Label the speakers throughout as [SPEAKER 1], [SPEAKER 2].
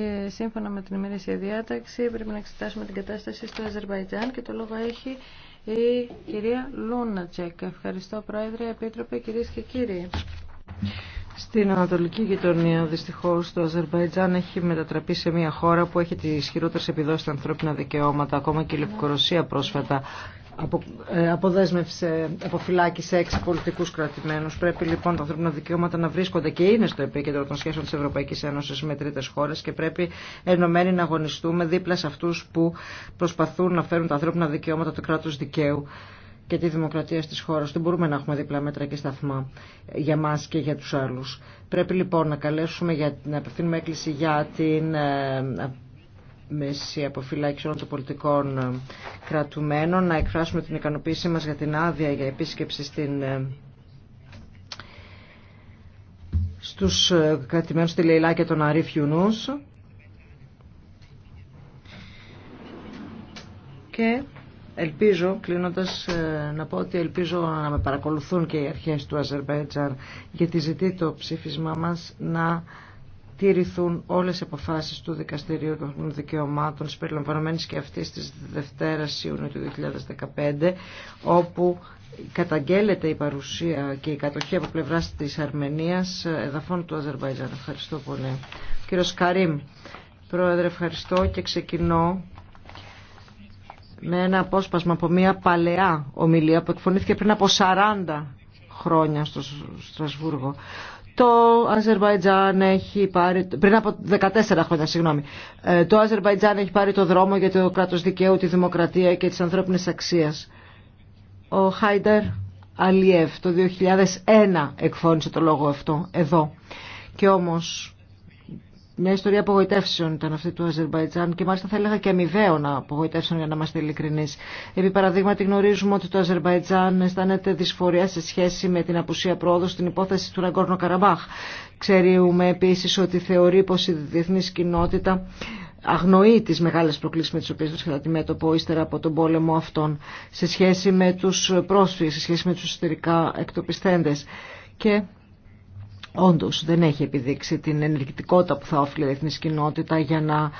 [SPEAKER 1] Ε, σύμφωνα με την ημερήσια διάταξη πρέπει να εξετάσουμε την κατάσταση στο Αζερβαϊτζάν και το λόγο έχει η κυρία Λούνατσεκ. Ευχαριστώ Πρόεδρε, Επίτροπε, κυρίες και κύριοι.
[SPEAKER 2] Στην Ανατολική γειτονία, δυστυχώ, το Αζερβαϊτζάν έχει μετατραπεί σε μια χώρα που έχει τι χειρότερε επιδόσει στα ανθρώπινα δικαιώματα. Ακόμα και η Λευκορωσία πρόσφατα απο, ε, αποδέσμευσε, αποφυλάκησε έξι πολιτικού κρατημένου. Πρέπει λοιπόν τα ανθρώπινα δικαιώματα να βρίσκονται και είναι στο επίκεντρο των σχέσεων τη Ευρωπαϊκή Ένωση με τρίτε χώρε και πρέπει ενωμένοι να αγωνιστούμε δίπλα σε αυτού που προσπαθούν να φέρουν τα ανθρώπινα δικαιώματα του κράτου δικαίου και τη δημοκρατία τη χώρα. Δεν μπορούμε να έχουμε δίπλα μέτρα και σταθμά για μας και για του άλλου. Πρέπει λοιπόν να καλέσουμε, για, να απευθύνουμε έκκληση για την ε, μέση αποφυλάκηση όλων των πολιτικών ε, κρατουμένων, να εκφράσουμε την ικανοποίησή μας για την άδεια για επίσκεψη στην ε, στους ε, κρατημένους στη Λεϊλά και τον Αρίφ και ελπίζω, κλείνοντας να πω ότι ελπίζω να με παρακολουθούν και οι αρχές του Αζερβαϊτζάν γιατί ζητεί το ψήφισμα μας να τηρηθούν όλες οι αποφάσεις του Δικαστηρίου των Δικαιωμάτων συμπεριλαμβανομένης και αυτής της Δευτέρας Ιουνίου του 2015 όπου καταγγέλλεται η παρουσία και η κατοχή από πλευράς της Αρμενίας εδαφών του Αζερβαϊτζάν. Ευχαριστώ πολύ. Κύριο Καρίμ, Πρόεδρε ευχαριστώ και ξεκινώ με ένα απόσπασμα από μια παλαιά ομιλία που εκφωνήθηκε πριν από 40 χρόνια στο Στρασβούργο το Αζερβαϊτζάν έχει πάρει, πριν από 14 χρόνια, συγγνώμη, ε, το Αζερβαϊτζάν έχει πάρει το δρόμο για το κράτος δικαίου, τη δημοκρατία και τις ανθρώπινες αξίες. Ο Χάιντερ Αλιεύ το 2001 εκφώνησε το λόγο αυτό εδώ. Και όμως μια ιστορία απογοητεύσεων ήταν αυτή του Αζερβαϊτζάν και μάλιστα θα έλεγα και αμοιβαίων απογοητεύσεων για να είμαστε ειλικρινεί. Επί παραδείγματι γνωρίζουμε ότι το Αζερβαϊτζάν αισθάνεται δυσφορία σε σχέση με την απουσία πρόοδο στην υπόθεση του Ραγκόρνο Καραμπάχ. Ξέρουμε επίση ότι θεωρεί πω η διεθνή κοινότητα αγνοεί τι μεγάλε προκλήσει με τι οποίε βρίσκεται αντιμέτωπο ύστερα από τον πόλεμο αυτόν σε σχέση με του πρόσφυγε, σε σχέση με του εσωτερικά Και Όντω δεν έχει επιδείξει την ενεργητικότητα που θα όφιλε η διεθνή κοινότητα για να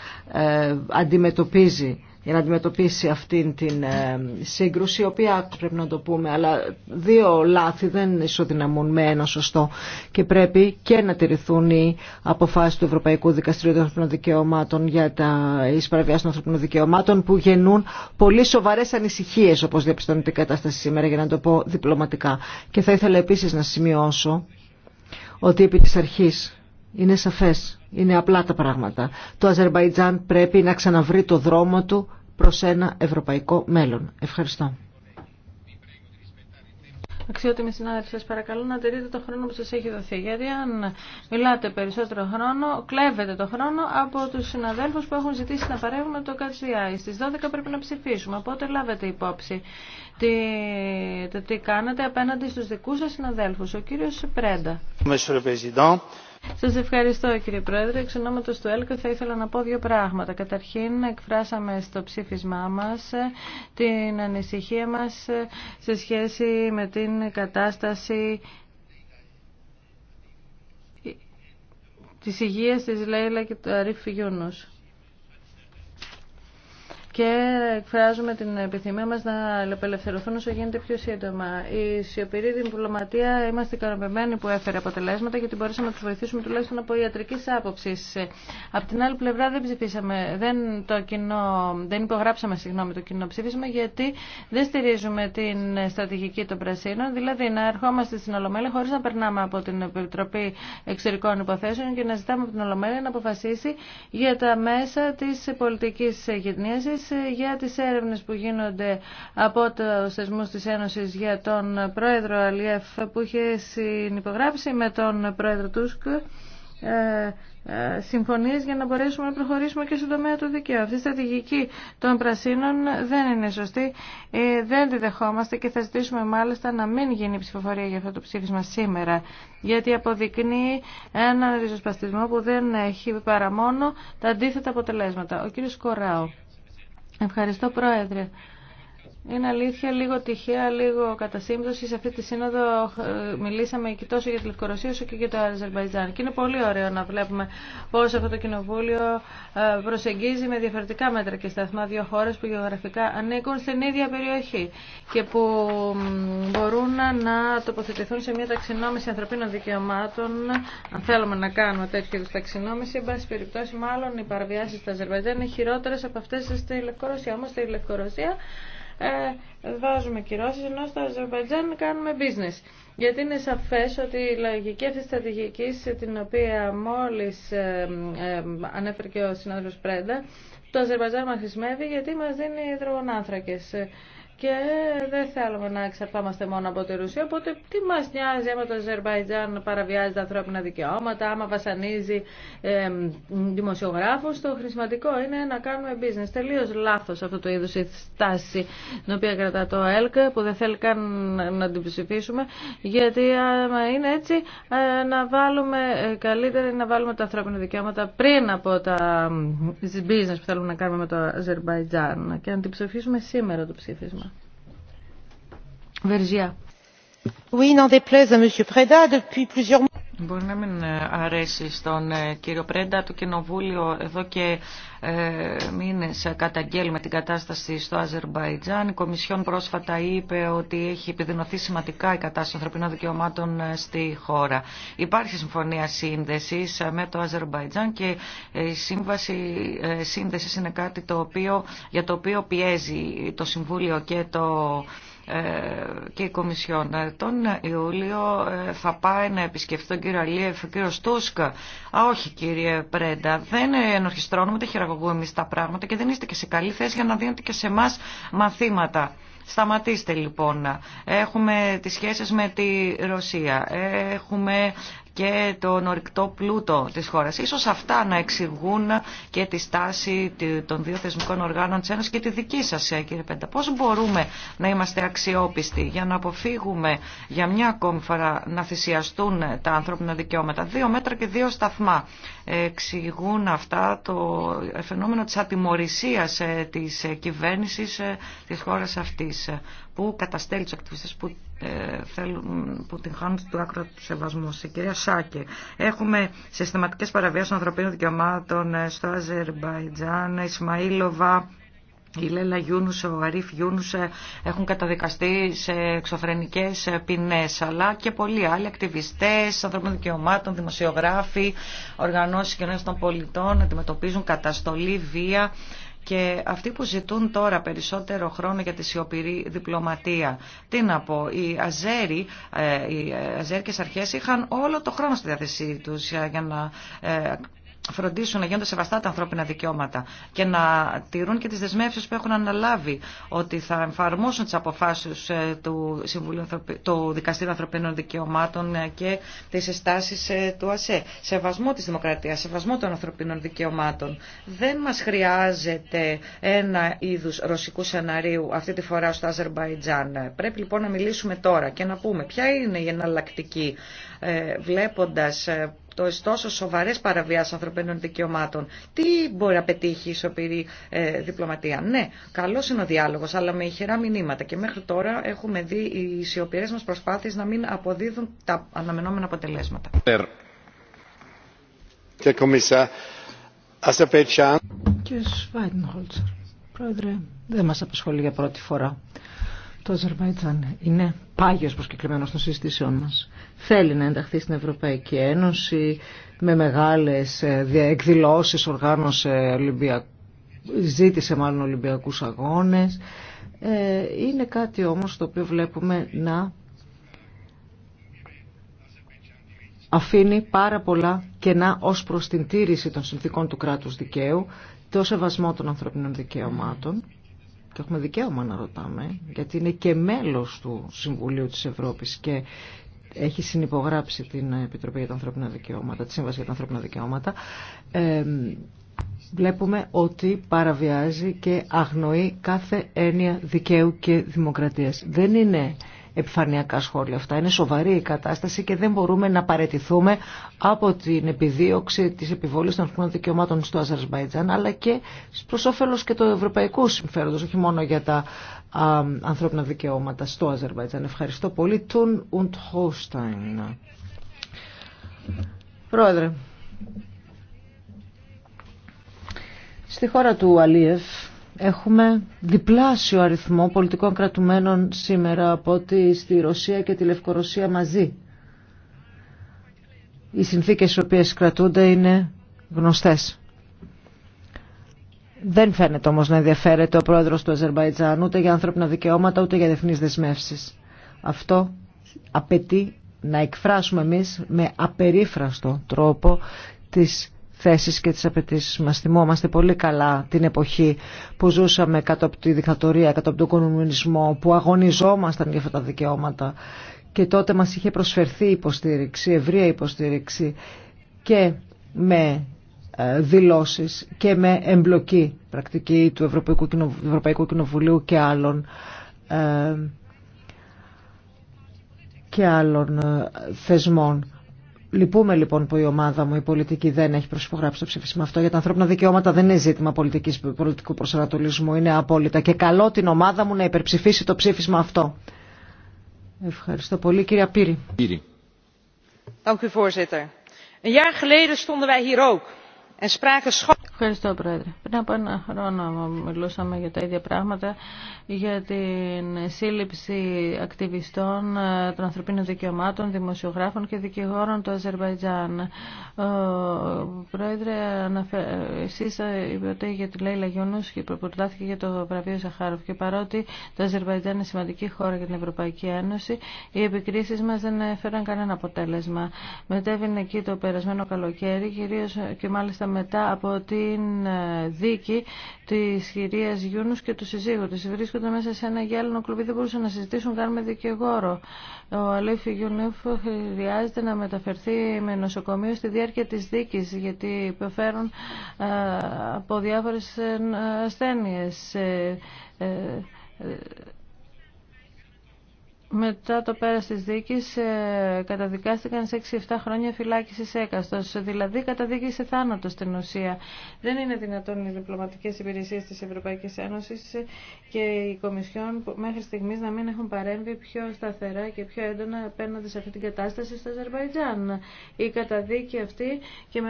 [SPEAKER 2] ε, αντιμετωπίζει για να αντιμετωπίσει αυτήν την ε, σύγκρουση, η οποία πρέπει να το πούμε, αλλά δύο λάθη δεν ισοδυναμούν με ένα σωστό και πρέπει και να τηρηθούν οι αποφάσεις του Ευρωπαϊκού Δικαστηρίου των Ανθρωπινών Δικαιωμάτων για τα εις των ανθρωπινών δικαιωμάτων που γεννούν πολύ σοβαρές ανησυχίες όπως διαπιστώνεται η κατάσταση σήμερα για να το πω διπλωματικά. Και θα ήθελα επίσης να σημειώσω ότι επί της αρχής είναι σαφές, είναι απλά τα πράγματα. Το Αζερβαϊτζάν πρέπει να ξαναβρει το δρόμο του προς ένα ευρωπαϊκό μέλλον. Ευχαριστώ.
[SPEAKER 1] Αξιότιμοι συνάδελφοι, σας παρακαλώ να τηρείτε το χρόνο που σας έχει δοθεί. Γιατί αν μιλάτε περισσότερο χρόνο, κλέβετε το χρόνο από τους συναδέλφους που έχουν ζητήσει να παρέχουν το ΚΑΤΣΙΑΙ. Στις 12 πρέπει να ψηφίσουμε, οπότε λάβετε υπόψη τι, το τι κάνετε απέναντι στους δικούς σας συναδέλφους. Ο κύριος Πρέντα. Σας ευχαριστώ κύριε Πρόεδρε. Εξ ονόματος του ΕΛΚΟ θα ήθελα να πω δύο πράγματα. Καταρχήν εκφράσαμε στο ψήφισμά μας ε, την ανησυχία μας ε, σε σχέση με την κατάσταση της υγείας της Λέιλα και του Αρήφ Γιούνους και εκφράζουμε την επιθυμία μας να απελευθερωθούν όσο γίνεται πιο σύντομα. Η σιωπηρή διπλωματία είμαστε ικανοποιημένοι που έφερε αποτελέσματα γιατί μπορέσαμε να του βοηθήσουμε τουλάχιστον από ιατρική άποψη. Απ' την άλλη πλευρά δεν ψηφίσαμε, δεν, το κοινό, δεν υπογράψαμε συγγνώμη, το κοινό ψήφισμα γιατί δεν στηρίζουμε την στρατηγική των Πρασίνων, δηλαδή να ερχόμαστε στην Ολομέλεια χωρί να περνάμε από την Επιτροπή Εξωτερικών Υποθέσεων και να ζητάμε από την Ολομέλεια να αποφασίσει για τα μέσα τη πολιτική γυρνίασης ε, για τις έρευνες που γίνονται από το θεσμού της Ένωσης για τον πρόεδρο Αλιέφ που είχε συνυπογράψει με τον πρόεδρο Τούσκ ε, ε, συμφωνίες για να μπορέσουμε να προχωρήσουμε και στον τομέα του δικαίου. Αυτή η στρατηγική των πρασίνων δεν είναι σωστή, δεν τη δεχόμαστε και θα ζητήσουμε μάλιστα να μην γίνει ψηφοφορία για αυτό το ψήφισμα σήμερα, γιατί αποδεικνύει έναν ριζοσπαστισμό που δεν έχει παρά μόνο τα αντίθετα αποτελέσματα. Ο κύριος Κοράου. Ευχαριστώ Πρόεδρε. Είναι αλήθεια, λίγο τυχαία, λίγο κατά σύμπτωση. Σε αυτή τη σύνοδο ε, μιλήσαμε και τόσο για τη Λευκορωσία όσο και για το Αζερβαϊτζάν. Και είναι πολύ ωραίο να βλέπουμε πώ αυτό το κοινοβούλιο ε, προσεγγίζει με διαφορετικά μέτρα και σταθμά δύο χώρε που γεωγραφικά ανήκουν στην ίδια περιοχή και που μπορούν να τοποθετηθούν σε μια ταξινόμηση ανθρωπίνων δικαιωμάτων. Αν θέλουμε να κάνουμε τέτοιου είδου ταξινόμηση, εν πάση περιπτώσει, μάλλον οι παραβιάσει στα Αζερβαϊτζάν είναι χειρότερε από αυτέ στη Λευκορωσία. Όμω στη Λευκορωσία βάζουμε ε, κυρώσεις, ενώ στο Αζερβαϊτζάν κάνουμε business. Γιατί είναι σαφές ότι η λογική αυτής της στρατηγικής, την οποία μόλις ε, ε, ανέφερε και ο συνάδελφος Πρέντα, το Αζερβαϊτζάν μας χρησιμεύει γιατί μας δίνει υδρογονάνθρακες και δεν θέλουμε να εξαρτάμαστε μόνο από τη Ρουσία. Οπότε τι μα νοιάζει άμα το Αζερβαϊτζάν παραβιάζει τα ανθρώπινα δικαιώματα, άμα βασανίζει ε, δημοσιογράφους. Το χρησιματικό είναι να κάνουμε business. Τελείω λάθο αυτό το είδους η στάση την οποία κρατά το ΕΛΚ που δεν θέλει καν να την ψηφίσουμε γιατί άμα είναι έτσι ε, να βάλουμε ε, καλύτερα να βάλουμε τα ανθρώπινα δικαιώματα πριν από τα business που θέλουμε να κάνουμε με το Αζερβαϊτζάν και να την ψηφίσουμε σήμερα το ψήφισμα. Μπορεί
[SPEAKER 3] να μην ε, αρέσει στον ε, κύριο Πρέντα. Το Κοινοβούλιο εδώ και ε, μήνε καταγγέλει με την κατάσταση στο Αζερμπαϊτζάν. Η Κομισιόν πρόσφατα είπε ότι έχει επιδεινωθεί σημαντικά η κατάσταση των ανθρωπινών δικαιωμάτων ε, στη χώρα. Υπάρχει συμφωνία σύνδεση με το Αζερμπαϊτζάν και η σύμβαση σύνδεση είναι κάτι το οποίο, για το οποίο πιέζει το Συμβούλιο και το ε, και η Κομισιόν. Ε, τον Ιούλιο ε, θα πάει να επισκεφθεί τον κύριο Αλίεφ, τον κύριο Στούσκα. Α, όχι κύριε Πρέντα, δεν ενορχιστρώνουμε, τα χειραγωγούμε εμεί τα πράγματα και δεν είστε και σε καλή θέση για να δίνετε και σε εμά μαθήματα. Σταματήστε λοιπόν. Έχουμε τις σχέσεις με τη Ρωσία. Έχουμε και τον ορυκτό πλούτο της χώρας. Ίσως αυτά να εξηγούν και τη στάση των δύο θεσμικών οργάνων της Ένωσης και τη δική σας, ε, κύριε Πέντα. Πώς μπορούμε να είμαστε αξιόπιστοι για να αποφύγουμε για μια ακόμη φορά να θυσιαστούν τα ανθρώπινα δικαιώματα. Δύο μέτρα και δύο σταθμά εξηγούν αυτά το φαινόμενο της ατιμορρησίας ε, της ε, κυβέρνησης της χώρας αυτής που καταστέλει τους ακτιβιστές που ε, θέλουν, που την χάνουν του άκρα του σεβασμού. Σε κυρία Σάκε, έχουμε συστηματικές παραβιάσει των ανθρωπίνων δικαιωμάτων ε, στο Αζερμπαϊτζάν, Ισμαήλοβα, η Λέλα Γιούνουσε, ο Αρίφ Γιούνουσε έχουν καταδικαστεί σε εξωφρενικές ποινές, αλλά και πολλοί άλλοι ακτιβιστές, ανθρωπίνων δικαιωμάτων, δημοσιογράφοι, οργανώσεις κοινωνίας των πολιτών αντιμετωπίζουν καταστολή, βία, και αυτοί που ζητούν τώρα περισσότερο χρόνο για τη σιωπηρή διπλωματία, τι να πω, οι Αζέροι, ε, οι Αζέρικες αρχές είχαν όλο το χρόνο στη διάθεσή τους για να ε, φροντίσουν να γίνονται σεβαστά τα ανθρώπινα δικαιώματα και να τηρούν και τις δεσμεύσεις που έχουν αναλάβει ότι θα εφαρμόσουν τις αποφάσεις ε, του, Συμβουλίου, του Δικαστήριου Ανθρωπίνων Δικαιωμάτων ε, και τις εστάσεις ε, του ΑΣΕ. Σεβασμό της δημοκρατίας, σεβασμό των ανθρωπίνων δικαιωμάτων. Δεν μας χρειάζεται ένα είδους ρωσικού σενάριου αυτή τη φορά στο Αζερμπαϊτζάν. Πρέπει λοιπόν να μιλήσουμε τώρα και να πούμε ποια είναι η εναλλακτική βλέποντας τόσο σοβαρές παραβιάσεις ανθρωπίνων δικαιωμάτων. Τι μπορεί να πετύχει η ισοπηρή ε, διπλωματία. Ναι, καλός είναι ο διάλογος, αλλά με ηχερά μηνύματα. Και μέχρι τώρα έχουμε δει οι ισοπηρέ μας προσπάθειες να μην αποδίδουν τα αναμενόμενα αποτελέσματα.
[SPEAKER 2] Κύριε πρόεδρε, δεν μας απασχολεί για πρώτη φορά. Το Αζερβαϊτζάν είναι πάγιος προσκεκλημένος των συζητήσεών μας. Θέλει να ενταχθεί στην Ευρωπαϊκή Ένωση με μεγάλες ε, εκδηλώσεις, οργάνωσε ζήτησε μάλλον Ολυμπιακούς Αγώνες. Ε, είναι κάτι όμως το οποίο βλέπουμε να αφήνει πάρα πολλά κενά ως προς την τήρηση των συνθήκων του κράτους δικαίου, το σεβασμό των ανθρωπινών δικαιωμάτων έχουμε δικαίωμα να ρωτάμε, γιατί είναι και μέλος του Συμβουλίου της Ευρώπης και έχει συνυπογράψει την Επιτροπή για τα Ανθρώπινα Δικαιώματα, τη Σύμβαση για τα Ανθρώπινα Δικαιώματα, βλέπουμε ότι παραβιάζει και αγνοεί κάθε έννοια δικαίου και δημοκρατίας. Δεν είναι επιφανειακά σχόλια αυτά. Είναι σοβαρή η κατάσταση και δεν μπορούμε να παρετηθούμε από την επιδίωξη τη επιβολή των ανθρωπίνων δικαιωμάτων στο Αζερβαϊτζάν, αλλά και προ όφελο και του ευρωπαϊκού συμφέροντο, όχι μόνο για τα ανθρώπινα δικαιώματα στο Αζερβαϊτζάν. Ευχαριστώ πολύ. Τουν und Holstein. Πρόεδρε, στη χώρα του Αλίεφ Έχουμε διπλάσιο αριθμό πολιτικών κρατουμένων σήμερα από ότι στη Ρωσία και τη Λευκορωσία μαζί. Οι συνθήκες οι οποίες κρατούνται είναι γνωστές. Δεν φαίνεται όμως να ενδιαφέρεται ο πρόεδρος του Αζερβαϊτζάν ούτε για ανθρώπινα δικαιώματα ούτε για διεθνείς δεσμεύσεις. Αυτό απαιτεί να εκφράσουμε εμείς με απερίφραστο τρόπο τις θέσεις και τις απαιτήσει μας. Θυμόμαστε πολύ καλά την εποχή που ζούσαμε κάτω από τη δικτατορία, κάτω από τον κομμουνισμό, που αγωνιζόμασταν για αυτά τα δικαιώματα. Και τότε μας είχε προσφερθεί υποστήριξη, ευρεία υποστήριξη και με ε, δηλώσεις και με εμπλοκή πρακτική του Ευρωπαϊκού, Ευρωπαϊκού Κοινοβουλίου και άλλων ε, και άλλων ε, θεσμών. Λυπούμε λοιπόν που η ομάδα μου, η πολιτική, δεν έχει προσυπογράψει το ψήφισμα αυτό. Για τα ανθρώπινα δικαιώματα δεν είναι ζήτημα πολιτικής, πολιτικού προσανατολισμού. Είναι απόλυτα. Και καλό την ομάδα μου να υπερψηφίσει το ψήφισμα αυτό. Ευχαριστώ πολύ, κυρία Πύρη.
[SPEAKER 1] Πύρη. Ευχαριστώ, Πρόεδρε. Πριν από ένα χρόνο μιλούσαμε για τα ίδια πράγματα, για την σύλληψη ακτιβιστών ε, των ανθρωπίνων δικαιωμάτων, δημοσιογράφων και δικηγόρων του Αζερβαϊτζάν. Πρόεδρε, εσείς ε, είπατε για τη Λέιλα Γιούνους και προπορτάθηκε για το βραβείο Ζαχάροφ και παρότι το Αζερβαϊτζάν είναι σημαντική χώρα για την Ευρωπαϊκή Ένωση, οι επικρίσεις μας δεν έφεραν κανένα αποτέλεσμα. Μετέβαινε εκεί το περασμένο καλοκαίρι, κυρίως και μάλιστα μετά από ότι την ε, δίκη τη κυρία Γιούνους και του συζύγου τη. Βρίσκονται μέσα σε ένα γυάλινο κλουβί, δεν μπορούσαν να συζητήσουν καν με δικηγόρο. Ο Αλέφη Γιούνουφ χρειάζεται να μεταφερθεί με νοσοκομείο στη διάρκεια της δίκης, γιατί υπεφέρουν ε, από διάφορες ε, ασθένειες μετά το πέρας της δίκης ε, καταδικάστηκαν σε 6-7 χρόνια φυλάκισης έκαστος, δηλαδή καταδίκη σε θάνατο στην ουσία. Δεν είναι δυνατόν οι διπλωματικές υπηρεσίες της Ευρωπαϊκής Ένωσης και οι Κομισιόν μέχρι στιγμής να μην έχουν παρέμβει πιο σταθερά και πιο έντονα απέναντι σε αυτή την κατάσταση στο Αζερβαϊτζάν. Η καταδίκη αυτή και,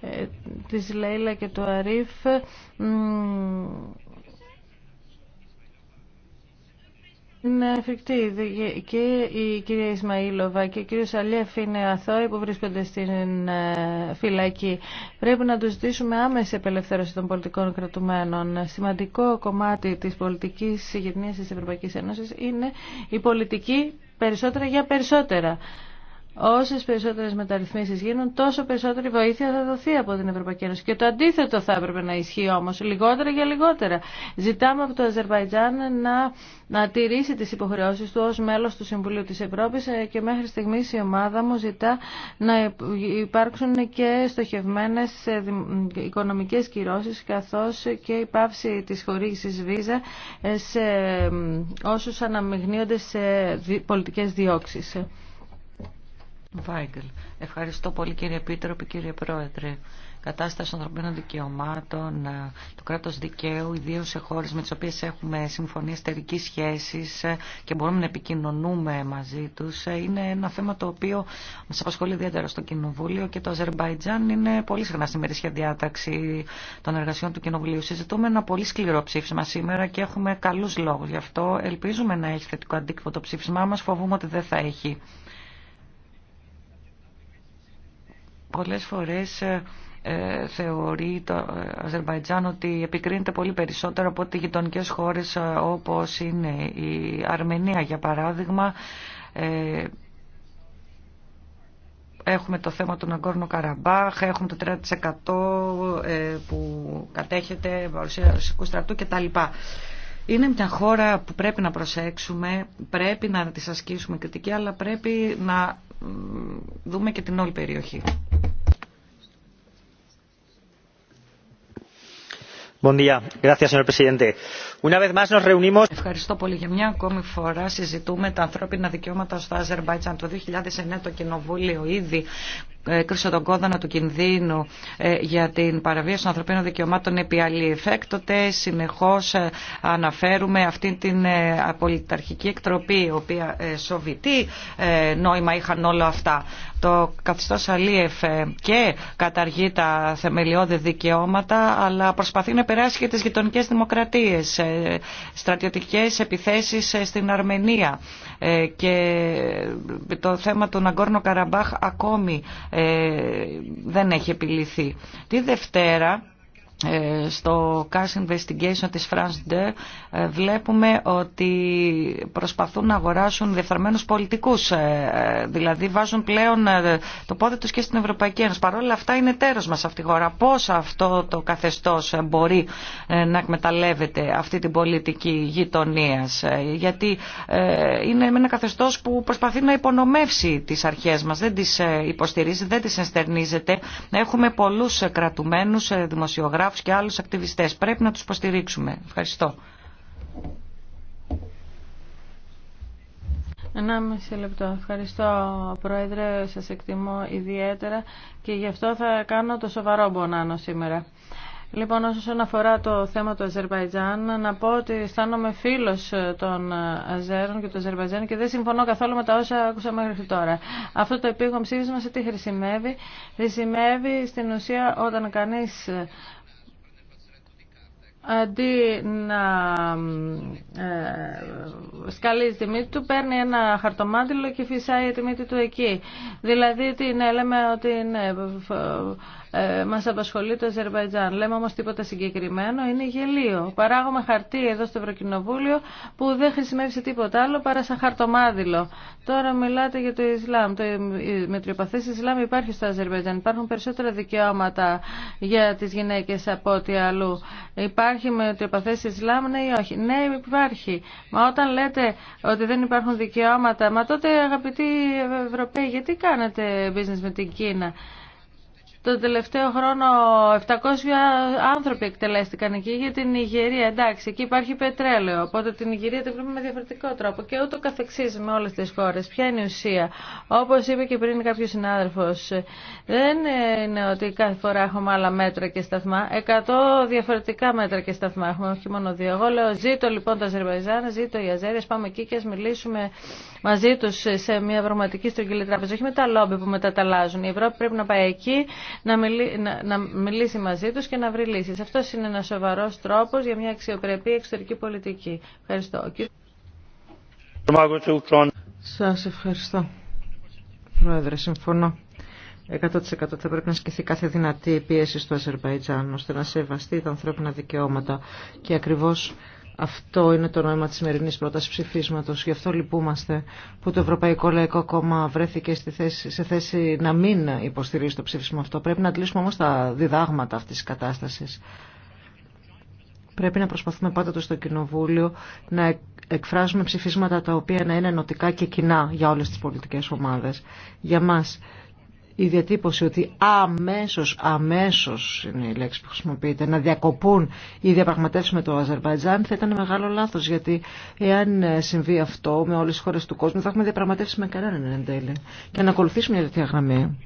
[SPEAKER 1] ε, ε, της Λέιλα και του Αρίφ είναι εφικτή και η κυρία Ισμαήλοβα και ο κύριο Αλιέφ είναι αθώοι που βρίσκονται στην ε, φυλακή. Πρέπει να τους ζητήσουμε άμεση απελευθέρωση των πολιτικών κρατουμένων. Σημαντικό κομμάτι της πολιτικής γυρνίας τη Ευρωπαϊκή Ένωση είναι η πολιτική περισσότερα για περισσότερα. Όσε περισσότερε μεταρρυθμίσει γίνουν, τόσο περισσότερη βοήθεια θα δοθεί από την Ευρωπαϊκή Ένωση. Και το αντίθετο θα έπρεπε να ισχύει όμω, λιγότερα για λιγότερα. Ζητάμε από το Αζερβαϊτζάν να, να τηρήσει τι υποχρεώσει του ω μέλο του Συμβουλίου τη Ευρώπη ε, και μέχρι στιγμή η ομάδα μου ζητά να υπάρξουν και στοχευμένε ε, οικονομικέ κυρώσει καθώ και η πάυση τη χορήγηση βίζα ε, σε όσου αναμειγνύονται σε πολιτικέ διώξει.
[SPEAKER 3] Βάγγελ, Ευχαριστώ πολύ κύριε Επίτροπη, κύριε Πρόεδρε. Κατάσταση των ανθρωπίνων δικαιωμάτων, ε, του κράτο δικαίου, ιδίω σε χώρε με τι οποίε έχουμε συμφωνίε εταιρική σχέση ε, και μπορούμε να επικοινωνούμε μαζί του, ε, είναι ένα θέμα το οποίο μα απασχολεί ιδιαίτερα στο Κοινοβούλιο και το Αζερμπαϊτζάν είναι πολύ συχνά στη μερίσια διάταξη των εργασιών του Κοινοβουλίου. Συζητούμε ένα πολύ σκληρό ψήφισμα σήμερα και έχουμε καλού λόγου γι' αυτό. Ελπίζουμε να έχει θετικό αντίκτυπο το ψήφισμά μα, φοβούμε ότι δεν θα έχει. πολλές φορές ε, ε, θεωρεί το Αζερβαϊτζάν ότι επικρίνεται πολύ περισσότερο από ότι γειτονικέ χώρες ε, όπως είναι η Αρμενία για παράδειγμα έχουμε το θέμα του Ναγκόρνο Καραμπάχ, έχουμε το 3% που κατέχεται παρουσία ρωσικού στρατού κτλ. Είναι μια χώρα που πρέπει να προσέξουμε, πρέπει να της ασκήσουμε κριτική, αλλά πρέπει να δούμε και την όλη περιοχή. Ευχαριστώ πολύ. Για μια ακόμη φορά συζητούμε τα ανθρώπινα δικαιώματα στο Αζερμπάιτζαν. Το 2009 το Κοινοβούλιο ήδη κρίσω τον κόδωνα του κινδύνου ε, για την παραβίαση των ανθρωπίνων δικαιωμάτων επί αλήφ. Έκτοτε συνεχώς ε, αναφέρουμε αυτή την ε, απολυταρχική εκτροπή, η οποία σοβητή νόημα είχαν όλα αυτά. Το καθιστός Αλίεφ και καταργεί τα θεμελιώδη δικαιώματα, αλλά προσπαθεί να περάσει και τις γειτονικές δημοκρατίες, στρατιωτικές επιθέσεις στην Αρμενία και το θέμα του Ναγκόρνο Καραμπάχ ακόμη ε, δεν έχει επιληθεί. Τη Δευτέρα ε, στο Cash Investigation της France 2 ε, βλέπουμε ότι προσπαθούν να αγοράσουν διεφθαρμένους πολιτικούς ε, δηλαδή βάζουν πλέον το πόδι τους και στην Ευρωπαϊκή Ένωση παρόλα αυτά είναι τέρος μας αυτή η χώρα πώς αυτό το καθεστώς μπορεί να εκμεταλλεύεται αυτή την πολιτική γειτονία. γιατί είναι ένα καθεστώς που προσπαθεί να υπονομεύσει τις αρχές μας δεν τις υποστηρίζει, δεν τις ενστερνίζεται έχουμε πολλούς κρατουμένους δημοσιογράφους και άλλου ακτιβιστέ. Πρέπει να του υποστηρίξουμε. Ευχαριστώ.
[SPEAKER 1] μισή λεπτό. Ευχαριστώ, Πρόεδρε. Σας εκτιμώ ιδιαίτερα και γι' αυτό θα κάνω το σοβαρό μπονάνο σήμερα. Λοιπόν, όσον αφορά το θέμα του Αζερβαϊτζάν, να πω ότι αισθάνομαι φίλο των Αζέρων και του Αζερβαϊτζάν και δεν συμφωνώ καθόλου με τα όσα άκουσα μέχρι τώρα. Αυτό το επίγον ψήφισμα σε τι χρησιμεύει. Χρησιμεύει στην ουσία όταν κανεί αντί να ε, σκαλίζει τη μύτη του, παίρνει ένα χαρτομάτιλο και φυσάει τη μύτη του εκεί. Δηλαδή, τι ναι, λέμε ότι είναι ε, μας απασχολεί το Αζερβαϊτζάν. Λέμε όμως τίποτα συγκεκριμένο, είναι γελίο. Παράγουμε χαρτί εδώ στο Ευρωκοινοβούλιο που δεν χρησιμεύει τίποτα άλλο παρά σαν χαρτομάδιλο. Τώρα μιλάτε για το Ισλάμ. Το μετριοπαθές Ισλάμ υπάρχει στο Αζερβαϊτζάν. Υπάρχουν περισσότερα δικαιώματα για τι γυναίκε από ό,τι αλλού. Υπάρχει μετριοπαθές Ισλάμ, ναι ή όχι. Ναι, υπάρχει. Μα όταν λέτε ότι δεν υπάρχουν δικαιώματα, μα τότε αγαπητοί Ευρωπαίοι, γιατί κάνετε business με την Κίνα. Το τελευταίο χρόνο 700 άνθρωποι εκτελέστηκαν εκεί για την Ιγυρία. Εντάξει, εκεί υπάρχει πετρέλαιο, οπότε την Ιγυρία την βλέπουμε με διαφορετικό τρόπο και ούτω καθεξή με όλε τι χώρε Ποια είναι η ουσία. Όπω είπε και πριν κάποιο συνάδελφο δεν είναι ότι κάθε φορά έχουμε άλλα μέτρα και σταθμά. Εκατό διαφορετικά μέτρα και σταθμά έχουμε, όχι μόνο δύο. Εγώ λέω ζήτω λοιπόν τα Αζερβαϊζάν, ζήτω οι Αζέρια, πάμε εκεί και α μιλήσουμε μαζί του σε μια πραγματική στρογγυλή τράπεζα, όχι με τα λόμπι που μεταταλλάζουν. Η Ευρώπη πρέπει να πάει εκεί να, μιλήσει, να, να μαζί τους και να βρει λύσεις. Αυτός είναι ένας σοβαρός τρόπος για μια αξιοπρεπή εξωτερική πολιτική. Ευχαριστώ.
[SPEAKER 2] Σας ευχαριστώ. Πρόεδρε, συμφωνώ. 100% θα πρέπει να σκεφτεί κάθε δυνατή πίεση στο Αζερβαϊτζάν ώστε να σεβαστεί τα ανθρώπινα δικαιώματα και ακριβώς αυτό είναι το νόημα της σημερινή πρόταση ψηφίσματος. Γι' αυτό λυπούμαστε που το Ευρωπαϊκό Λαϊκό Κόμμα βρέθηκε στη θέση, σε θέση να μην υποστηρίζει το ψήφισμα αυτό. Πρέπει να αντλήσουμε όμως τα διδάγματα αυτής της κατάστασης. Πρέπει να προσπαθούμε πάντα το στο Κοινοβούλιο να εκφράζουμε ψηφίσματα τα οποία να είναι ενωτικά και κοινά για όλες τις πολιτικές ομάδες. Για μας η διατύπωση ότι αμέσως, αμέσως είναι η λέξη που χρησιμοποιείται, να διακοπούν οι διαπραγματεύσεις με το Αζερβαϊτζάν θα ήταν μεγάλο λάθος γιατί εάν συμβεί αυτό με όλες τις χώρες του κόσμου θα έχουμε διαπραγματεύσει με κανέναν εν τέλει. Και να ακολουθήσουμε μια τέτοια γραμμή.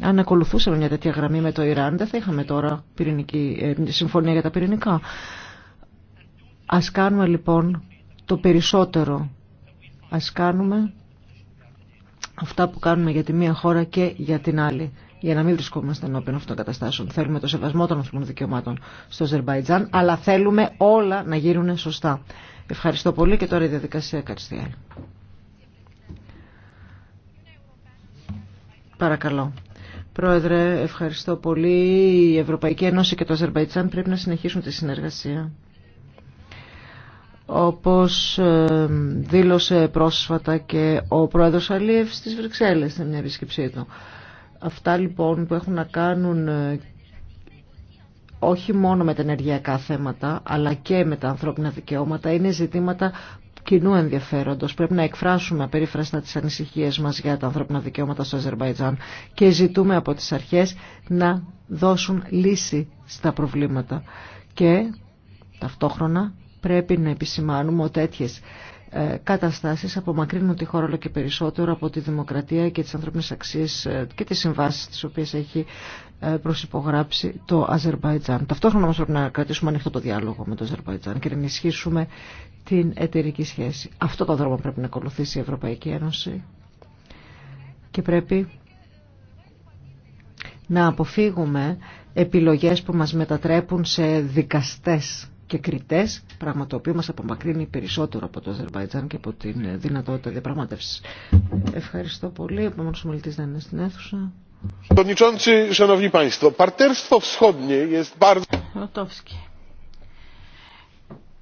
[SPEAKER 2] Αν ακολουθούσαμε μια τέτοια γραμμή με το Ιράν δεν θα είχαμε τώρα πυρηνική, ε, συμφωνία για τα πυρηνικά. Ας κάνουμε λοιπόν το περισσότερο. Ας κάνουμε αυτά που κάνουμε για τη μία χώρα και για την άλλη. Για να μην βρισκόμαστε ενώπιον αυτών των καταστάσεων. Θέλουμε το σεβασμό των ανθρωπίνων δικαιωμάτων στο Αζερβαϊτζάν, αλλά θέλουμε όλα να γίνουν σωστά. Ευχαριστώ πολύ και τώρα η διαδικασία Καριστιάλ. Παρακαλώ. Πρόεδρε, ευχαριστώ πολύ. Η Ευρωπαϊκή Ένωση και το Αζερβαϊτζάν πρέπει να συνεχίσουν τη συνεργασία όπως ε, δήλωσε πρόσφατα και ο πρόεδρος Αλίευ στις Βρυξέλλες στην μια επίσκεψή του. Αυτά λοιπόν που έχουν να κάνουν ε, όχι μόνο με τα ενεργειακά θέματα αλλά και με τα ανθρώπινα δικαιώματα είναι ζητήματα κοινού ενδιαφέροντος. Πρέπει να εκφράσουμε απερίφραστα τις ανησυχίες μας για τα ανθρώπινα δικαιώματα στο Αζερβαϊτζάν και ζητούμε από τις αρχές να δώσουν λύση στα προβλήματα και ταυτόχρονα πρέπει να επισημάνουμε ότι τέτοιε ε, καταστάσεις απομακρύνουν τη χώρα όλο και περισσότερο από τη δημοκρατία και τις ανθρώπινες αξίες ε, και τις συμβάσεις τις οποίες έχει ε, προσυπογράψει το Αζερβαϊτζάν. Ταυτόχρονα όμως πρέπει να κρατήσουμε ανοιχτό το διάλογο με το Αζερβαϊτζάν και να ενισχύσουμε την εταιρική σχέση. Αυτό το δρόμο πρέπει να ακολουθήσει η Ευρωπαϊκή Ένωση και πρέπει να αποφύγουμε επιλογές που μας μετατρέπουν σε δικαστές και κριτέ, πράγμα το οποίο μα απομακρύνει περισσότερο από το Αζερβαϊτζάν και από τη δυνατότητα διαπραγμάτευση. Ευχαριστώ πολύ. Ο επόμενο ομιλητή δεν
[SPEAKER 1] είναι στην αίθουσα.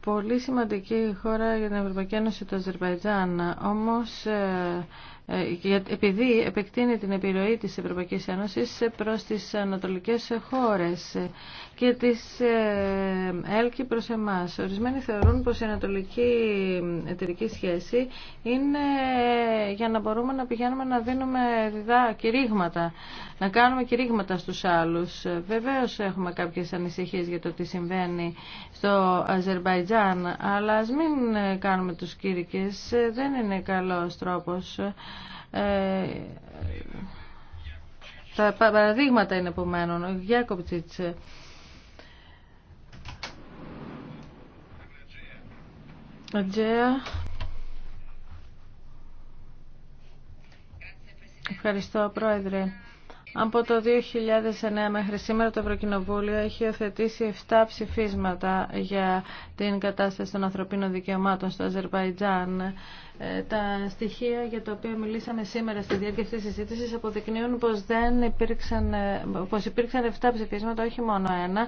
[SPEAKER 1] Πολύ σημαντική χώρα για την Ευρωπαϊκή Ένωση το Αζερβαϊτζάν. Όμως ε, ε, επειδή επεκτείνει την επιρροή της Ευρωπαϊκής Ένωσης προς τις ανατολικές χώρες και τις ε, έλκει προς εμάς. Ορισμένοι θεωρούν πως η ανατολική εταιρική σχέση είναι ε, για να μπορούμε να πηγαίνουμε να δίνουμε διδά, κηρύγματα, να κάνουμε κηρύγματα στους άλλους. Βεβαίως έχουμε κάποιες ανησυχίες για το τι συμβαίνει στο Αζερβαϊτζάν, αλλά ας μην κάνουμε τους κήρυκες, δεν είναι καλός τρόπος. Ε, τα παραδείγματα είναι που μένουν. Ο Γιάκοπτσιτς ε, Ευχαριστώ Πρόεδρε. Από το 2009 μέχρι σήμερα το Ευρωκοινοβούλιο έχει οθετήσει 7 ψηφίσματα για την κατάσταση των ανθρωπίνων δικαιωμάτων στο Αζερβαϊτζάν ε, τα στοιχεία για τα οποία μιλήσαμε σήμερα στη διάρκεια αυτής της συζήτησης αποδεικνύουν πως, δεν υπήρξαν, ε, πως υπήρξαν 7 ψηφίσματα, όχι μόνο ένα.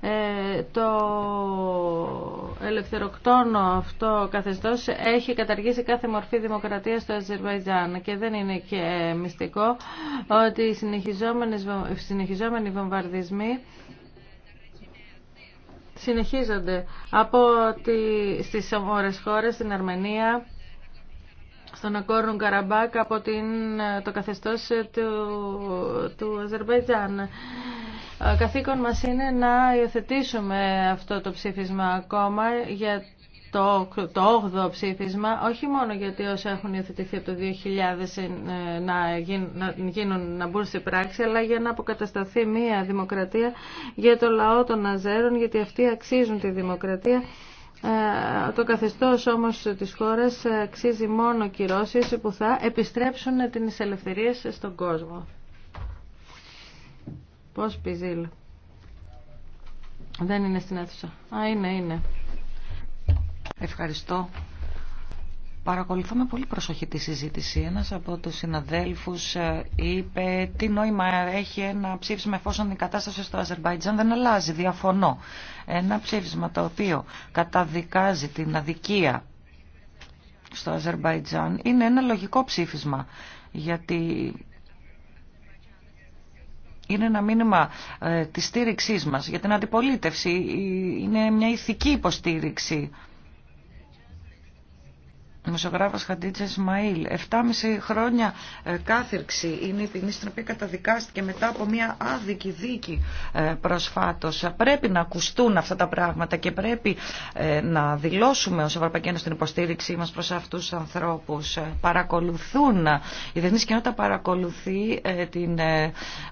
[SPEAKER 1] Ε, το ελευθεροκτόνο αυτό καθεστώς έχει καταργήσει κάθε μορφή δημοκρατίας στο Αζερβαϊτζάν και δεν είναι και μυστικό ότι οι συνεχιζόμενοι βομβαρδισμοί συνεχίζονται από τη, στις όμορες χώρες, στην Αρμενία, στον ακόρνου Καραμπάκ από την, ε, το καθεστώς ε, του, του Αζερβαϊτζάν. Ε, καθήκον μας είναι να υιοθετήσουμε αυτό το ψήφισμα ακόμα για το, το 8ο ψήφισμα, όχι μόνο γιατί όσα έχουν υιοθετηθεί από το 2000 να, να, γίνουν, να μπουν στη πράξη, αλλά για να αποκατασταθεί μια δημοκρατία για το λαό των Αζέρων, γιατί αυτοί αξίζουν τη δημοκρατία ε, το καθεστώς όμως της χώρας αξίζει μόνο κυρώσεις που θα επιστρέψουν την ελευθερία στον κόσμο. Πώς πιζίλ. Δεν είναι στην αίθουσα. Α, είναι, είναι. Ευχαριστώ.
[SPEAKER 3] Παρακολουθώ με πολύ προσοχή τη συζήτηση. Ένα από τους συναδέλφους ε, είπε τι νόημα έχει ένα ψήφισμα εφόσον η κατάσταση στο Αζερβαϊτζάν δεν αλλάζει. Διαφωνώ. Ένα ψήφισμα το οποίο καταδικάζει την αδικία στο Αζερβαϊτζάν είναι ένα λογικό ψήφισμα γιατί είναι ένα μήνυμα ε, της στήριξής μας για την αντιπολίτευση. Είναι μια ηθική υποστήριξη Δημοσιογράφος Χαντίτσα Ισμαήλ. 7,5 χρόνια ε, κάθυρξη είναι η ποινή στην οποία καταδικάστηκε μετά από μια άδικη δίκη ε, προσφάτως. Πρέπει να ακουστούν αυτά τα πράγματα και πρέπει ε, να δηλώσουμε ως Ευρωπαϊκή Ένωση την υποστήριξή μας προς αυτούς τους ανθρώπους. Παρακολουθούν, η διεθνής κοινότητα παρακολουθεί την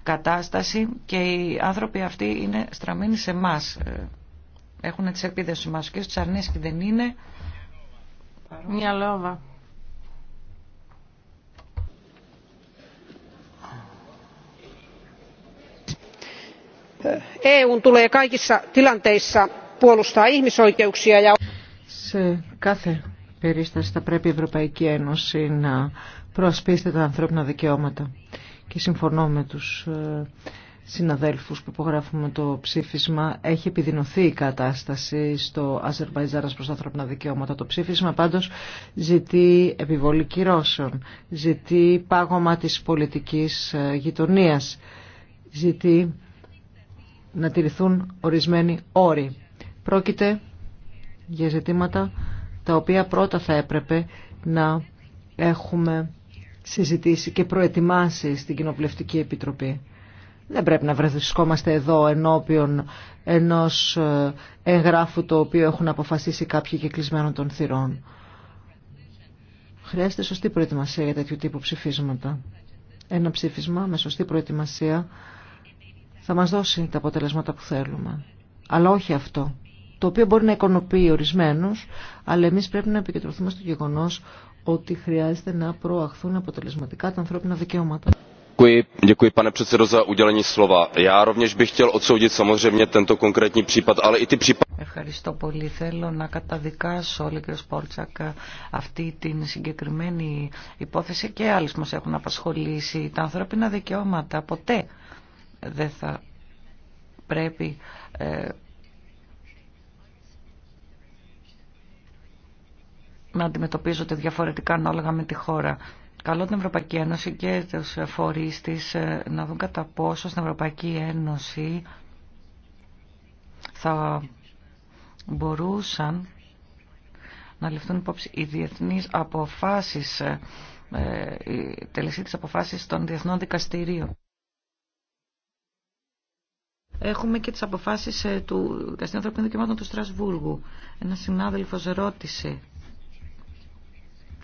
[SPEAKER 3] κατάσταση και οι άνθρωποι αυτοί είναι στραμμένοι σε εμά. Έχουν τις ελπίδες μας και στους αρνές και δεν είναι πάρω.
[SPEAKER 1] Μια λόβα. Ε, EUn
[SPEAKER 2] tulee kaikissa tilanteissa puolustaa ihmisoikeuksia ja... Σε κάθε περίσταση θα πρέπει η Ευρωπαϊκή Ένωση να προασπίσει τα ανθρώπινα δικαιώματα. Και συμφωνώ με τους ε, συναδέλφους που υπογράφουμε το ψήφισμα. Έχει επιδεινωθεί η κατάσταση στο Αζερβαϊτζάρας προς τα ανθρώπινα δικαιώματα. Το ψήφισμα πάντως ζητεί επιβολή κυρώσεων, ζητεί πάγωμα της πολιτικής ε, γειτονίας, ζητεί να τηρηθούν ορισμένοι όροι. Πρόκειται για ζητήματα τα οποία πρώτα θα έπρεπε να έχουμε συζητήσει και προετοιμάσει στην Κοινοβουλευτική Επιτροπή. Δεν πρέπει να βρεθισκόμαστε εδώ ενώπιον ενός ε, εγγράφου το οποίο έχουν αποφασίσει κάποιοι και κεκλεισμένων των θυρών. Χρειάζεται σωστή προετοιμασία για τέτοιου τύπου ψηφίσματα. Ένα ψήφισμα με σωστή προετοιμασία θα μας δώσει τα αποτελέσματα που θέλουμε. Αλλά όχι αυτό, το οποίο μπορεί να οικονοποιεί ορισμένου, αλλά εμείς πρέπει να επικεντρωθούμε στο γεγονός ότι χρειάζεται να προαχθούν αποτελεσματικά τα ανθρώπινα
[SPEAKER 1] δικαιώματα.
[SPEAKER 3] Ευχαριστώ πολύ. Θέλω να καταδικάσω, λέει ο κ. Πόλτσακ, αυτή την συγκεκριμένη υπόθεση και άλλες μας έχουν απασχολήσει. Τα ανθρώπινα δικαιώματα ποτέ δεν θα πρέπει ε, να αντιμετωπίζονται διαφορετικά ανάλογα με τη χώρα Καλό την Ευρωπαϊκή Ένωση και τους φορείς της ε, να δουν κατά πόσο στην Ευρωπαϊκή Ένωση θα μπορούσαν να ληφθούν υπόψη οι διεθνείς αποφάσεις, ε, ε, η τελεσή της αποφάσεις των διεθνών δικαστηρίων. Έχουμε και τις αποφάσεις του Δικαστηρίου Ανθρωπίνων Δικαιωμάτων του Στρασβούργου. ένα συνάδελφος ρώτησε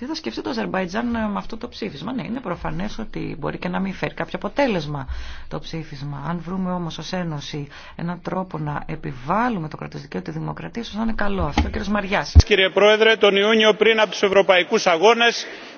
[SPEAKER 3] τι θα σκεφτεί το Αζερβαϊτζάν ε, με αυτό το ψήφισμα. Ναι, είναι προφανέ ότι μπορεί και να μην φέρει κάποιο αποτέλεσμα το ψήφισμα. Αν βρούμε όμω ω Ένωση έναν τρόπο να επιβάλλουμε το κράτο δικαίωμα τη δημοκρατία, ίσω είναι καλό αυτό. Κύριο Μαριά.
[SPEAKER 4] Κύριε Πρόεδρε, τον Ιούνιο πριν από του Ευρωπαϊκού Αγώνε,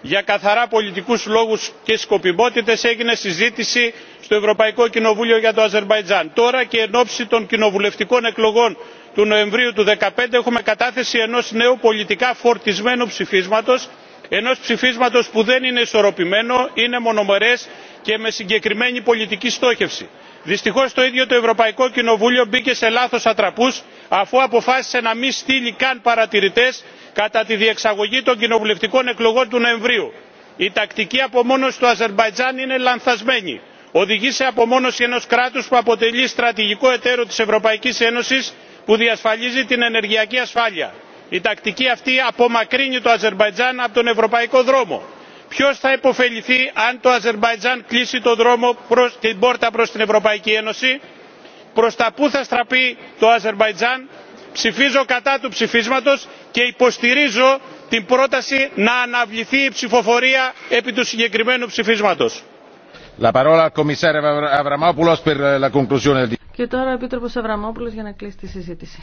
[SPEAKER 4] για καθαρά πολιτικού λόγου και σκοπιμότητε, έγινε συζήτηση στο Ευρωπαϊκό Κοινοβούλιο για το Αζερβαϊτζάν. Τώρα και εν ώψη των κοινοβουλευτικών εκλογών του Νοεμβρίου του 2015 έχουμε κατάθεση ενός νέου πολιτικά φορτισμένου ψηφίσματος ενός ψηφίσματος που δεν είναι ισορροπημένο είναι μονομερές και με συγκεκριμένη πολιτική στόχευση. δυστυχώς το ίδιο το ευρωπαϊκό κοινοβούλιο μπήκε σε λάθος ατραπούς αφού αποφάσισε να μην στείλει καν παρατηρητές κατά τη διεξαγωγή των κοινοβουλευτικών εκλογών του νοεμβρίου. η τακτική απομόνωση του αζερμπαϊτζάν είναι λανθασμένη οδηγεί σε απομόνωση ενός κράτους που αποτελεί στρατηγικό εταίρο της ευρωπαϊκής ένωσης που διασφαλίζει την ενεργειακή ασφάλεια η τακτική αυτή απομακρύνει το αζερμπαϊτζάν από τον ευρωπαϊκό δρόμο. ποιο θα υποφεληθεί αν το αζερμπαϊτζάν κλείσει το δρόμο προς την πόρτα προ την ευρωπαϊκή ένωση προ τα πού θα στραπεί το αζερμπαϊτζάν ψηφίζω κατά του ψηφίσματο και υποστηρίζω την πρόταση να αναβληθεί η ψηφοφορία επί του συγκεκριμένου ψηφίσματο.
[SPEAKER 1] Eh, και τώρα ο Επίτροπος Αβραμόπουλος για να κλείσει τη συζήτηση.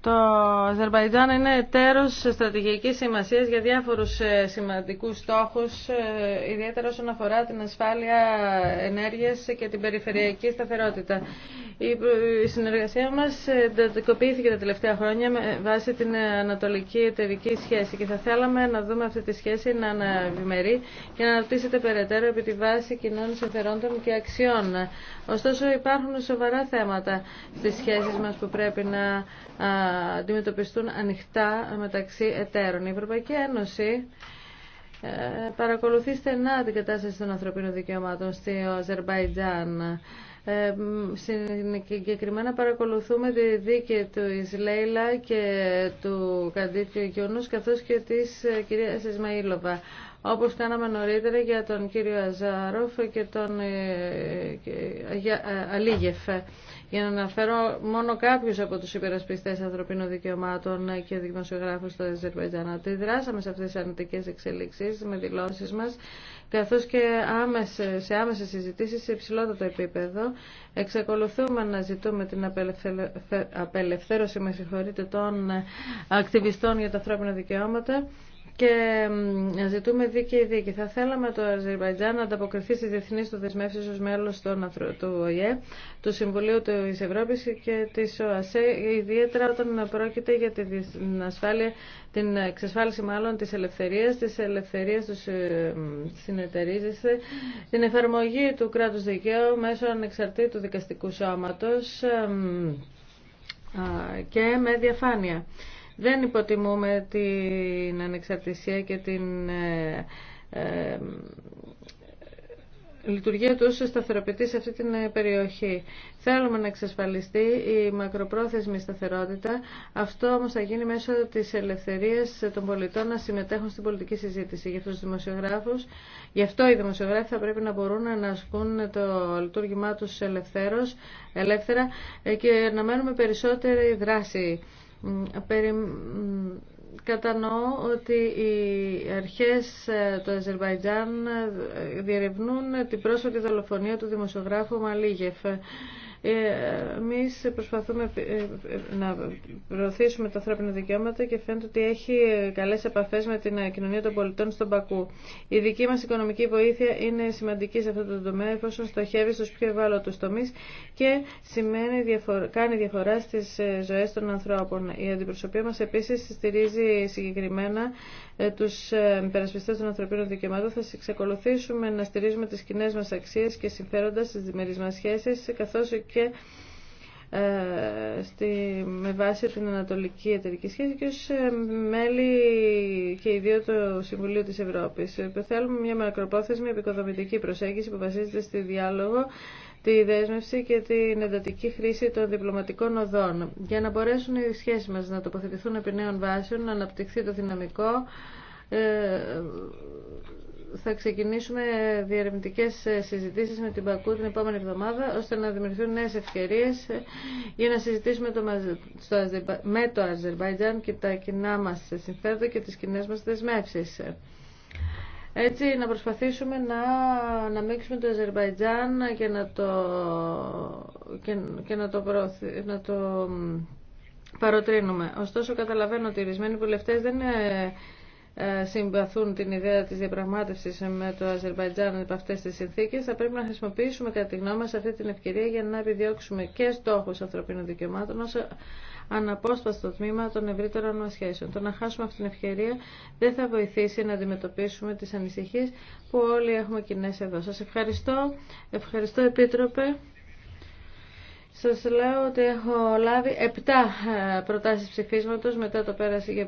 [SPEAKER 1] Το Αζερβαϊτζάν είναι τέρος στρατηγικής σημασίας για διάφορους ε, σημαντικούς στόχους, ε, ιδιαίτερα όσον αφορά την ασφάλεια ενέργειας και την περιφερειακή σταθερότητα. Η συνεργασία μας εντατικοποιήθηκε τα τελευταία χρόνια με βάση την ανατολική εταιρική σχέση και θα θέλαμε να δούμε αυτή τη σχέση να αναβημερεί και να αναπτύσσεται περαιτέρω επί τη βάση κοινών συμφερόντων και αξιών. Ωστόσο υπάρχουν σοβαρά θέματα στις σχέσεις μας που πρέπει να αντιμετωπιστούν ανοιχτά μεταξύ εταίρων. Η Ευρωπαϊκή Ένωση ε, παρακολουθεί στενά την κατάσταση των ανθρωπίνων δικαιωμάτων στη Αζερβαϊτζάν. Ε, συγκεκριμένα παρακολουθούμε τη δίκη του Ισλέιλα και του Καντήτιου Γιούνους καθώς και της ε, κυρίας Ισμαήλωβα όπως κάναμε νωρίτερα για τον κύριο Αζάροφ και τον ε, ε, ε, Αλίγεφ. Για να αναφέρω μόνο κάποιους από τους υπερασπιστές ανθρωπίνων δικαιωμάτων και δημοσιογράφους στο Αζερβαϊτζάν. Αντιδράσαμε σε αυτές τις αρνητικές εξελίξεις με δηλώσεις μας, καθώς και σε άμεσες συζητήσεις σε υψηλότερο επίπεδο. Εξακολουθούμε να ζητούμε την απελευθέρωση με των ακτιβιστών για τα ανθρώπινα δικαιώματα και ζητούμε δίκαιη δίκη. Θα θέλαμε το Αζερβαϊτζάν να ανταποκριθεί στι διεθνεί του δεσμεύσει ω μέλο του ΟΗΕ, του Συμβουλίου τη Ευρώπη και τη ΟΑΣΕ, ιδιαίτερα όταν πρόκειται για την, ασφάλεια, την εξασφάλιση μάλλον τη ελευθερία, τη ελευθερία του ε, συνεταιρίζεσθε, την εφαρμογή του κράτου δικαίου μέσω ανεξαρτήτου δικαστικού σώματο ε, και με διαφάνεια. Δεν υποτιμούμε την ανεξαρτησία και την ε, ε, λειτουργία του ως σταθεροποιητή σε αυτή την ε, περιοχή. Θέλουμε να εξασφαλιστεί η μακροπρόθεσμη σταθερότητα. Αυτό όμως θα γίνει μέσω της ελευθερίας των πολιτών να συμμετέχουν στην πολιτική συζήτηση. Γι' αυτό, δημοσιογράφους, γι αυτό οι δημοσιογράφοι θα πρέπει να μπορούν να ασκούν το λειτουργήμά τους ελεύθερα και να μένουμε περισσότερη δράση. Κατανοώ ότι οι αρχές ε, του Αζερβαϊτζάν ε, διερευνούν την πρόσφατη δολοφονία του δημοσιογράφου Μαλίγεφ. Εμεί προσπαθούμε ε, ε, να προωθήσουμε τα ανθρώπινα δικαιώματα και φαίνεται ότι έχει καλέ επαφέ με την κοινωνία των πολιτών στον Πακού. Η δική μα οικονομική βοήθεια είναι σημαντική σε αυτό το τομέα εφόσον στοχεύει στου πιο ευάλωτου τομεί και σημαίνει, κάνει διαφορά στι ε, ζωέ των ανθρώπων. Η αντιπροσωπεία μα επίση στηρίζει συγκεκριμένα ε, τους ε, υπερασπιστέ των ανθρωπίνων δικαιωμάτων θα εξακολουθήσουμε να στηρίζουμε τις κοινέ μας αξίες και συμφέροντα στι διμερείς μα σχέσει καθώ και ε, στη, με βάση την Ανατολική Εταιρική Σχέση και ως μέλη και ιδίω του Συμβουλίου της Ευρώπης. Θέλουμε μια μακροπρόθεσμη επικοδομητική προσέγγιση που βασίζεται στη διάλογο τη δέσμευση και την εντατική χρήση των διπλωματικών οδών. Για να μπορέσουν οι σχέσεις μας να τοποθετηθούν επί νέων βάσεων, να αναπτυχθεί το δυναμικό, ε, θα ξεκινήσουμε διαρευνητικέ ε, συζητήσει με την Πακού την επόμενη εβδομάδα, ώστε να δημιουργηθούν νέε ευκαιρίε ε, για να συζητήσουμε το, με το Αζερβαϊτζάν και τα κοινά μα συμφέροντα και τι κοινέ μα δεσμεύσει. Έτσι να προσπαθήσουμε να μίξουμε το Αζερβαϊτζάν και να το, και, να το, να το παροτρύνουμε. Ωστόσο καταλαβαίνω ότι οι ορισμένοι βουλευτές δεν είναι ε, συμπαθούν την ιδέα της διαπραγμάτευσης με το Αζερβαϊτζάν από αυτές τις συνθήκες, θα πρέπει να χρησιμοποιήσουμε κατά τη γνώμη μας αυτή την ευκαιρία για να επιδιώξουμε και στόχους ανθρωπίνων δικαιωμάτων, αναπόσπαστο τμήμα των ευρύτερων μας σχέσεων. Το να χάσουμε αυτή την ευκαιρία δεν θα βοηθήσει να αντιμετωπίσουμε τις ανησυχίες που όλοι έχουμε κοινέ εδώ. Σας ευχαριστώ. Ευχαριστώ Επίτροπε. Σας λέω ότι έχω λάβει 7 ε, προτάσεις ψηφίσματος μετά το πέρασε